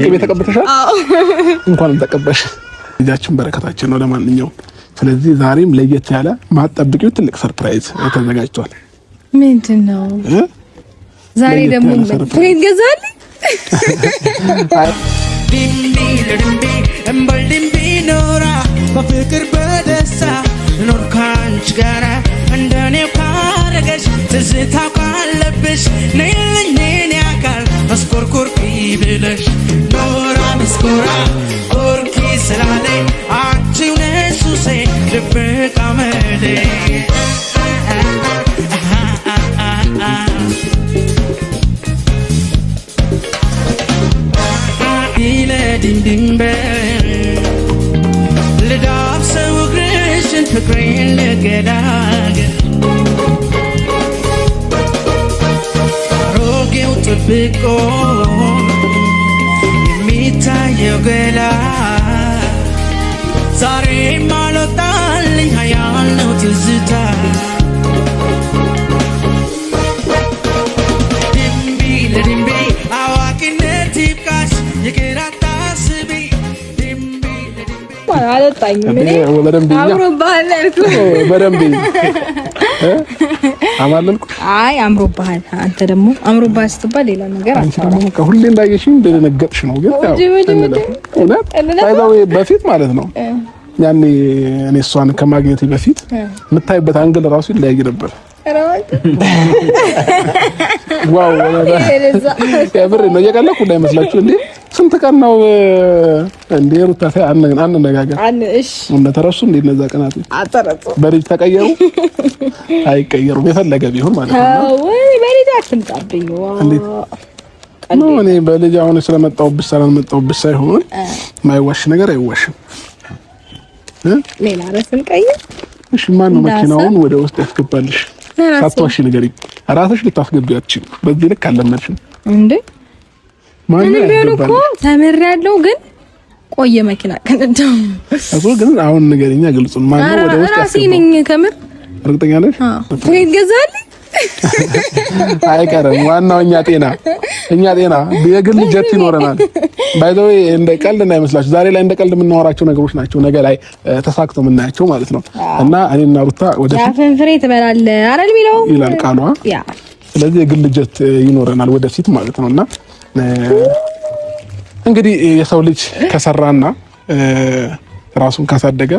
ደህና ተቀበሽ። ልጃችን በረከታችን ነው። ለማንኛውም ስለዚህ ዛሬም ለየት ያለ ማጠብቂው ትልቅ ሰርፕራይዝ ተዘጋጅቷል። ምንድን ነው ዛሬ ደግሞ ኖራ በፍቅር ድንበር ልዳብሰው እግርሽን ፍቅሬን ልገላገል አሮጌው ጥብቆ የሚታየው ገላ ዛሬ አልወጣልኝ ሀያል ነው ትዝታ አልወጣኝም። አማለልኩ። አይ አምሮብሃል። አንተ ደግሞ አምሮብሃል ስትባል ሌላ ነገር አንተ ሁሌ እንዳየሽ ነው። ግን ያው በፊት ማለት ነው ያኔ እኔ እሷን ከማግኘቴ በፊት የምታይበት አንግል ራሱ ይለያይ ነበር። ዋው ነው። እየቀለኩ እንዳይመስላችሁ እንዴ! ስንት ቀን ነው እንዴ? ሩታ አንነጋገር እንደተረሱ እንዴ? እነዛ በልጅ ተቀየሩ አይቀየሩም፣ የፈለገ ቢሆን ማለት ነው። ነው እኔ በልጅ አሁን ስለመጣሁብሽ ሳይሆን ማይዋሽ ነገር አይዋሽም። ሌላ ራስን ቀይር። እሺ መኪናውን ወደ ውስጥ ያስገባልሽ? ሳትዋሺ ንገሪኝ። ራስሽ ልታስገቢው አትችይም። በዚህ ልክ አለመድሽም እንዴ? ማን እኮ ያለው ግን ቆየ መኪና ከነዳው እኮ። ግን አሁን ንገሪኛ ግልጹን፣ ማን ወደ ውስጥ ያስገባው? ራሴ ነኝ። ከምር እርግጠኛ ነሽ? አዎ። ትገዛለህ አይቀርም። ዋናው እኛ ጤና እኛ ጤና የግል ጀት ይኖረናል። ባይዘዌ እንደ ቀልድ እንዳይመስላችሁ፣ ዛሬ ላይ እንደ ቀልድ የምናወራቸው ነገሮች ናቸው። ነገ ላይ ተሳክቶ የምናያቸው ማለት ነው። እና እኔና ሩታ ወደ ያፈን ፍሬ ትበላለህ አይደል የሚለው ይላል ቃሏ። ስለዚህ የግል ጀት ይኖረናል ወደፊት ማለት ነው። እና እንግዲህ የሰው ልጅ ከሰራና ራሱን ካሳደገ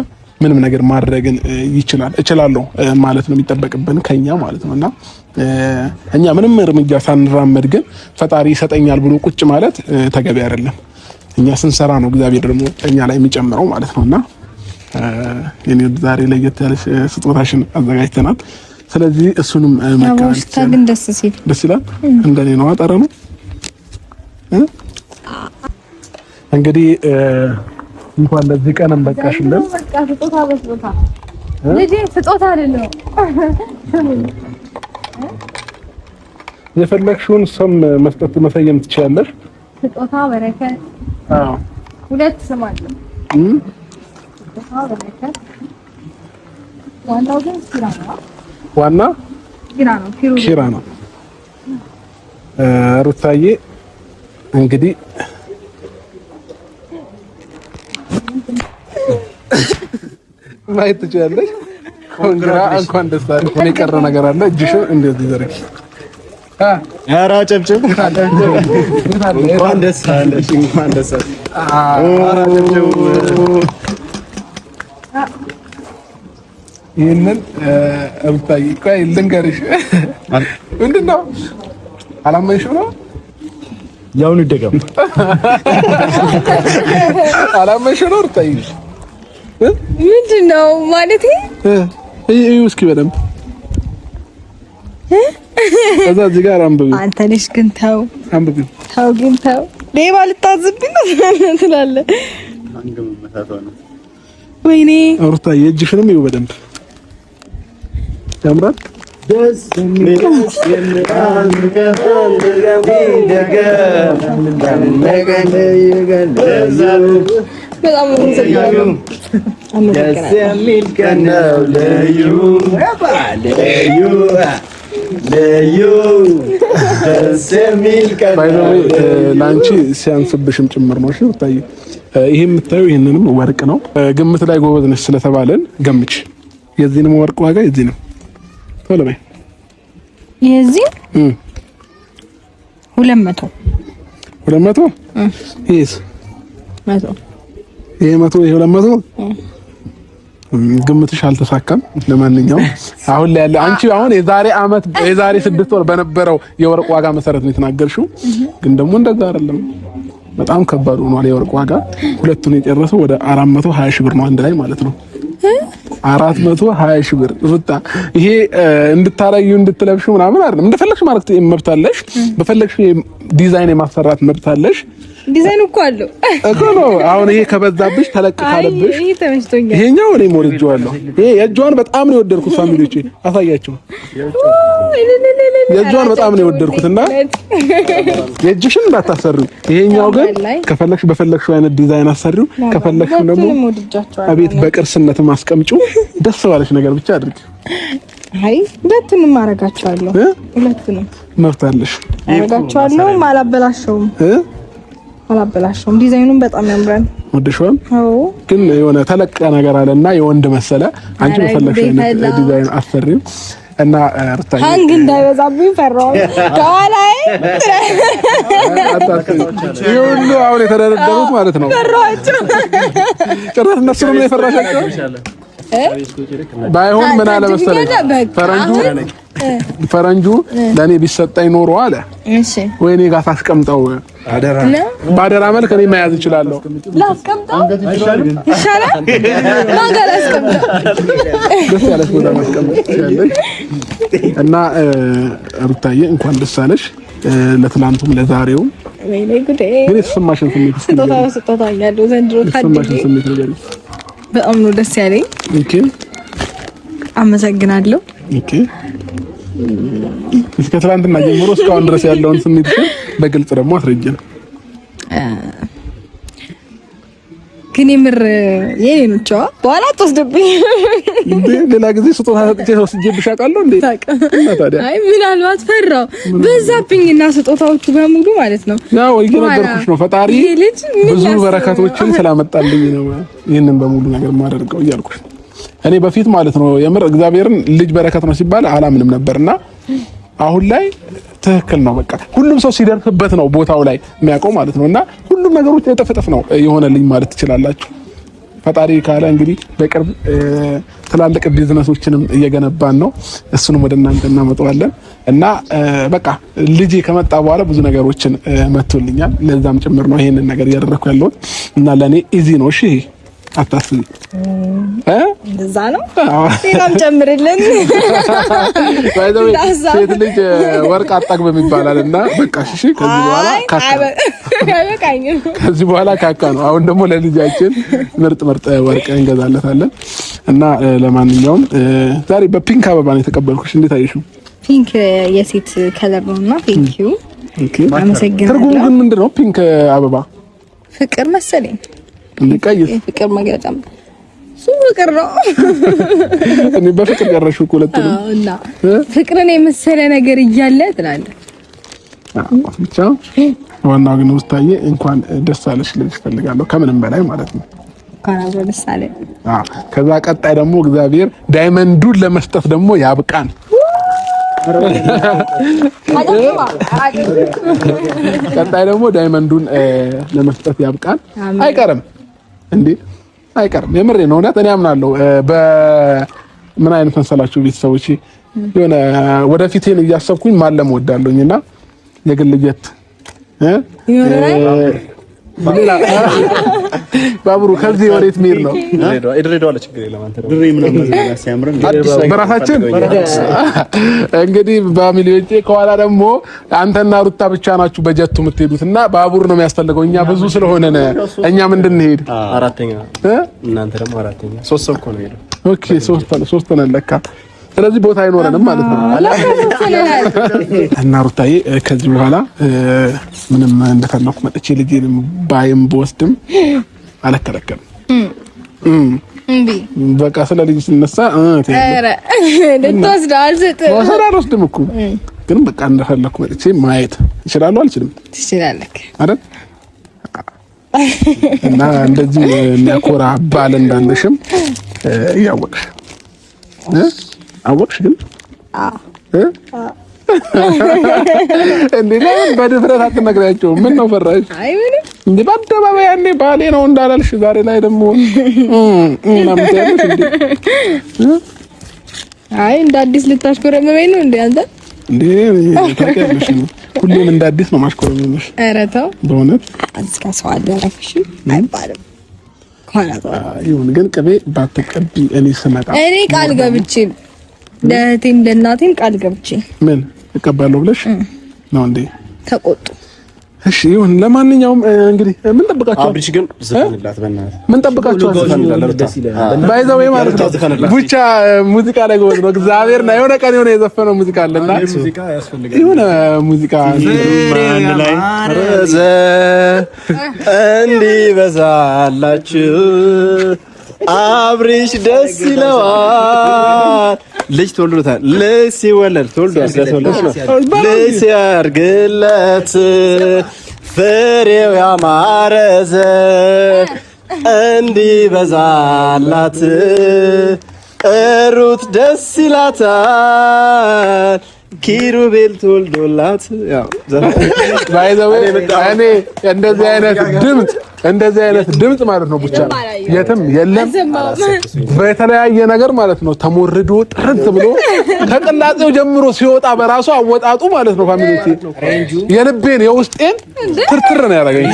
ምንም ነገር ማድረግን ይችላል እችላለሁ ማለት ነው የሚጠበቅብን ከኛ ማለት ነው እና እኛ ምንም እርምጃ ሳንራመድ ግን ፈጣሪ ይሰጠኛል ብሎ ቁጭ ማለት ተገቢ አይደለም። እኛ ስንሰራ ነው እግዚአብሔር ደግሞ እኛ ላይ የሚጨምረው ማለት ነው እና የኔ ዛሬ ለየት ያለሽ ስጦታሽን አዘጋጅተናል። ስለዚህ እሱንም ደስ ሲል ደስ ይላል። እንደኔ ነው አጠረ ነው እንግዲህ እንኳን ለዚህ ቀን በቃሽልን። በቃ ስጦታ አይደለም የፈለግሽውን ስም መስጠት መሰየም ትችላለሽ። ስጦታ በረከት። አዎ ሁለት ስም አለ። ዋናው ግን ኪራ ነው። ዋና ኪራ ነው። ኪራ ነው። ሩታዬ እንግዲህ ማየት ትችላለች። ኮንግራ እንኳን ደስ እኔ ነገር አለ። እጅሽን እንደዚህ ኧረ አጨብጭብ። እንኳን ደስ አለሽ። እንኳን ደስ አለሽ። እብታይ ቆይ ልንገርሽ። ምንድን ነው ነው ያውን ይደገም አላመንሽም ነው እብታይ ምንድን ነው ማለት እስኪ በደንብ ከዛ እዚህ ጋር አንብብ። አንተ ነሽ ግን ተው አንብብ፣ ተው ግን ተው። ሌባ ልታዝብኝ ነው ትላለህ። ወይኔ አውርታ የእጅሽንም ይኸው በደንብ ያምራል። ደስ የሚል ቀን ነው ልዩ ልዩ ልዩ ደስ የሚል ቀን ነው። ለአንቺ ሲያንስብሽም ጭምር ነው። ይሄ የምታየው ይህንንም ወርቅ ነው። ግምት ላይ ጎበዝ ነሽ ስለተባለን ገምች። የዚህንም ወርቅ ዋጋ የዚህ ቶሎ በይ። የዚህ ሁለት መቶ ሁለት መቶ ይሄስ መቶ ይሄ መቶ ይሄ ሁለት መቶ ግምትሽ አልተሳካም። ለማንኛውም አሁን ላይ ያለ አንቺ አሁን የዛሬ አመት የዛሬ ስድስት ወር በነበረው የወርቅ ዋጋ መሰረት ነው የተናገርሽው፣ ግን ደግሞ እንደዛ አይደለም። በጣም ከባድ ሆኗል የወርቅ ዋጋ። ሁለቱን የጨረሰው ወደ አራት ሺህ ብር ነው አንድ ላይ ማለት ነው። አራት መቶ ሀያ ሺህ ብር ሩታ፣ ይሄ እንድታረዩ እንድትለብሹ ምናምን አይደለም። እንደፈለግሽ ማለት መብታለሽ፣ በፈለግሽ ዲዛይን የማሰራት መብታለሽ። ዲዛይን እኮ አለው እኮ ነው። አሁን ይሄ ከበዛብሽ ተለቅ አይ ይሄ ተመችቶኛል። ይሄኛው እኔ ወድጄዋለሁ። ይሄ የእጇን በጣም ነው የወደድኩት። ፋሚሊዎቼ አሳያቸው። የእጇን በጣም ነው የወደድኩት እና የእጅሽን እንዳታሰሪው። ይሄኛው ግን ከፈለግሽ በፈለግሽው አይነት ዲዛይን አሰሪው፣ ከፈለግሽው ደግሞ አቤት በቅርስነት ማስቀምጪው። ደስ ባለሽ ነገር ብቻ አድርጊ። አይ ሁለቱንም አረጋቸዋለሁ። ሁለቱንም መብት አለሽ። አረጋቸዋለሁ። አላበላሸውም አላበላሸውም። ዲዛይኑን በጣም ያምራል። ወደሽዋል? አዎ። ግን የሆነ ተለቀ ነገር አለና የወንድ መሰለ። አንቺ በፈለግሽ ዲዛይን አሰሪው እና ርታ ሀንግ እንዳይበዛብኝ ፈራው። ከኋላዬ ይህ ሁሉ አሁን የተደረደሩት ማለት ነው። ፈራኋቸው ጭራሽ። እነሱን ነው የፈራሻቸው? ባይሆን ምን አለ መሰለኝ ፈረንጁ ፈረንጁ ለእኔ ቢሰጠኝ ኖሮ አለ ወይኔ ጋር ታስቀምጠው በአደራ መልክ እኔ መያዝ እችላለሁ። ላስቀምጠው ደስ እና ሩታዬ እንኳን ደስ አለሽ ለትናንቱም ለዛሬውም። ግን የተሰማሽን ስሜት በጣም ነው ደስ ያለኝ። አመሰግናለሁ። እስከ ትናንትና ጀምሮ እስካሁን ድረስ ያለውን ስሜት በግልጽ ደግሞ አስረጅን። ግን የምር የኔ ነው ቻው። በኋላ አትወስድብኝ እንዴ? ሌላ ጊዜ ስጦታ ሰጥቼ ወስጄብሽ አውቃለሁ እንዴ? አይ ምናልባት ፈራው በዛብኝ እና ስጦታዎቹ በሙሉ ማለት ነው። ያው እየነገርኩሽ ነው ፈጣሪ ብዙ በረከቶችን ስላመጣልኝ ነው ይህንን በሙሉ ነገር ማደርገው እያልኩሽ ነው። እኔ በፊት ማለት ነው የምር እግዚአብሔርን ልጅ በረከት ነው ሲባል አላምንም ነበርና አሁን ላይ ትክክል ነው። በቃ ሁሉም ሰው ሲደርስበት ነው ቦታው ላይ የሚያውቀው ማለት ነው። እና ሁሉም ነገሮች እጥፍ እጥፍ ነው የሆነልኝ ማለት ትችላላችሁ። ፈጣሪ ካለ እንግዲህ በቅርብ ትላልቅ ቢዝነሶችንም እየገነባን ነው። እሱንም ወደ እናንተ እናመጣዋለን እና በቃ ልጅ ከመጣ በኋላ ብዙ ነገሮችን መቶልኛል። ለዛም ጭምር ነው ይሄንን ነገር እያደረኩ ያለሁት እና ለእኔ ኢዚ ነው። እሺ አታስቢ። እንደዛ ነው። ሌላም ጨምርልን። ሴት ልጅ ወርቅ አጠግብም ይባላል እና በቃ እሺ፣ ከዚህ በኋላ ካካ ከዚህ በኋላ ካካ ነው። አሁን ደግሞ ለልጃችን ምርጥ ምርጥ ወርቅ እንገዛለታለን እና ለማንኛውም ዛሬ በፒንክ አበባ ነው የተቀበልኩሽ። እንዴት አየሽው? ፒንክ የሴት ከለር ነውና ፒንክ ዩ። አመሰግናለሁ። ትርጉሙ ግን ምንድን ነው? ፒንክ አበባ ፍቅር መሰለኝ ልቀይስ ፍቅር መግለጫም ፍቅር ነው። እኔ በፍቅር ያረሹ እኮ ሁለቱንም እና ፍቅርን የመሰለ ነገር እያለ ትላለህ። ብቻ ዋናው ግን ውስታዬ እንኳን ደስ አለሽ እፈልጋለሁ ከምንም በላይ ማለት ነው። ከዛ ቀጣይ ደግሞ እግዚአብሔር ዳይመንዱን ለመስጠት ደግሞ ያብቃን። ቀጣይ ደግሞ ዳይመንዱን ለመስጠት ያብቃን አይቀርም። እንዴ አይቀርም። የምሬ ነው። እውነት እኔ አምናለሁ። በምን አይነት መሰላችሁ ቤተሰቦች፣ የሆነ ወደፊቴን እያሰብኩኝ ማለም ወዳለሁኝና የግልየት ባቡሩ ከዚህ ወዴት መሄድ ነው? በራሳችን እንግዲህ በሚሊዮቼ ከኋላ ደግሞ አንተና ሩታ ብቻ ናችሁ በጀቱ የምትሄዱት እና ባቡር ነው የሚያስፈልገው። እኛ ብዙ ስለሆነ እኛ እኛም እንድንሄድ አራተኛ እናንተ ደግሞ አራተኛ ሶስት ሰው እኮ ነው ሄደው። ኦኬ ሶስት ነው ለካ ስለዚህ ቦታ አይኖረንም ማለት ነው። እና ሩታዬ ከዚህ በኋላ ምንም እንደፈለኩ መጥቼ ልጄንም ባይም በወስድም አልከለከልም። በቃ ስለ ልጅ ስነሳ ወሰድ አልወስድም እኮ ግን በቃ እንደፈለኩ መጥቼ ማየት እችላለሁ አልችልም? ትችላለህ አይደል? እና እንደዚህ የሚያኮራ ባል እንዳለሽም እያወቅሽ አወቅሽ ግን? እንዴ በድፍረት አትነግሪያቸውም? ምን ነው ፈራሽ እንዴ? በአደባባይ ያኔ ባሌ ነው እንዳላልሽ ዛሬ ላይ ደግሞ አይ እንደ አዲስ ልታሽኮረመመኝ ነው እንዴ አንተ? ሁሌም እንደ አዲስ ነው ማሽኮረመመሽ። ኧረ ተው በእውነት እስከ ሰው አደረፍሽ አይባልም። ይሁን ግን ቅቤ ባትቀቢ እኔ ስመጣ እኔ ቃል ገብቼ ለእህቴም ለእናቴም ቃል ገብቼ ምን እቀባለሁ ብለሽ ነው እንዴ? ተቆጡ። እሺ ይሁን። ለማንኛውም እንግዲህ ምን ጠብቃችኋል? አብሪሽ ግን ዘፈንላት በእናትህ። ምን ጠብቃችኋል? ባይዘው ማለት ነው ቡቻ ሙዚቃ ላይ ጎበዝ ነው። እግዚአብሔር ነው የሆነ ቀን የሆነ የዘፈነው ሙዚቃ አለና ሙዚቃ ያስፈልጋል። የሆነ ሙዚቃ ማን ላይ ረዘ እንዲህ በዛላችሁ አብሪሽ ደስ ይለዋል። ልጅ ተወልዶታል። ልጅ ሲወለድ ተወልዶ ስለተወለደ ልጅ ሲያርግለት ፍሬው ያማረዘ እንዲበዛላት እሩት ደስ ይላታል። ኪሩቤል ተወልዶላት ያው እኔ እንደዚህ አይነት ድምፅ እንደዚህ አይነት ድምጽ ማለት ነው ብቻ የትም የለም። በተለያየ ነገር ማለት ነው ተሞርዶ ጥርት ብሎ ከቅላጼው ጀምሮ ሲወጣ በራሱ አወጣጡ ማለት ነው ፋሚሊቲ የልቤን የውስጤን ትርትር ነው ያደረገኝ።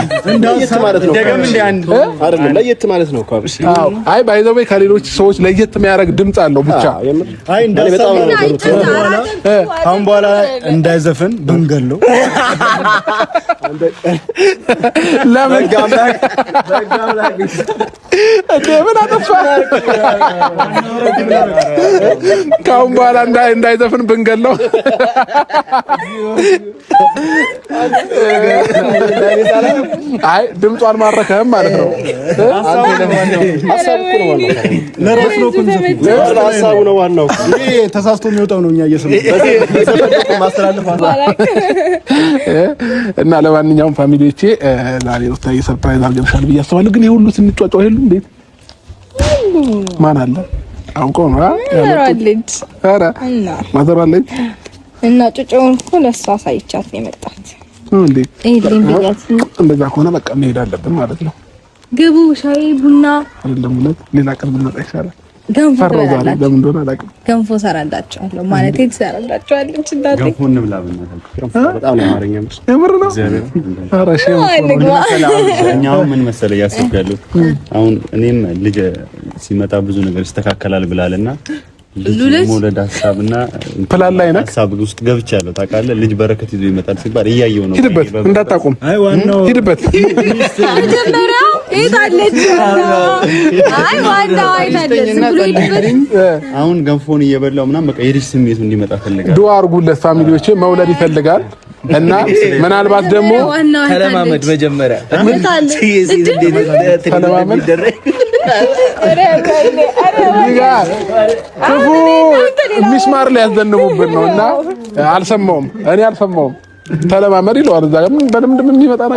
ለየት ማለት ነው። አይ ባይ ዘ ወይ ከሌሎች ሰዎች ለየት የሚያደርግ ድምጽ አለው ብቻ። አይ አሁን በኋላ እንዳይዘፍን ብንገለው ለምን Dann kam da ምን አጠፋ? ከአሁን በኋላ እንዳይዘፍን ብንገለው አይ ድምጿን ማረከህም ማለት ነው። ሀሳቡ ነው ዋናው። ተሳስቶ የሚወጣው ነው እኛ እና ለማንኛውም ፋሚሊዎቼ ዛሬ ሰርፕራይዝ አድርገንሻል ብዬ አስባለሁ። ግን የሁሉ ስንጫጫው የሉም እንዴት ማን አለ? አውቀው ነው እና ጩጮውን እኮ ለእሷ ሳይቻት ነው የመጣት። እንደዛ ከሆነ በቃ መሄድ አለብን ማለት ነው። ግቡ፣ ሻይ ቡና አይደለም። ሌላ ቅርብ መጣ ይሻላል። ገንፎ ገንፎ ሰራላችኋለሁ ማለት ትሰራላችኋለች። እኛው ምን መሰለህ እያሰብኩ አሁን እኔም ልጅ ሲመጣ ብዙ ነገር ይስተካከላል ብላለና መውለድ ሀሳብና ፕላን ላይ ነህ። ሀሳብ ውስጥ ገብቻለሁ። ታውቃለህ ልጅ በረከት ይዞ ይመጣል ሲባል እያየሁ ነው። ሂድበት፣ እንዳታቆም። አሁን ገንፎን እየበላው ምናምን በቃ የልጅ ስሜቱ እንዲመጣ ፈልጋል። ዱአ አድርጉለት። ፋሚሊዎቼ መውለድ ይፈልጋል እና ምናልባት ደግሞ ተለማመድ መጀመሪያ ክፉ ሚስማር ላይ ያዘንቡብን ነው እና አልሰማውም። እኔ አልሰማውም። ተለማመድ ይለዋል። እዛ በልምድም የሚመጣ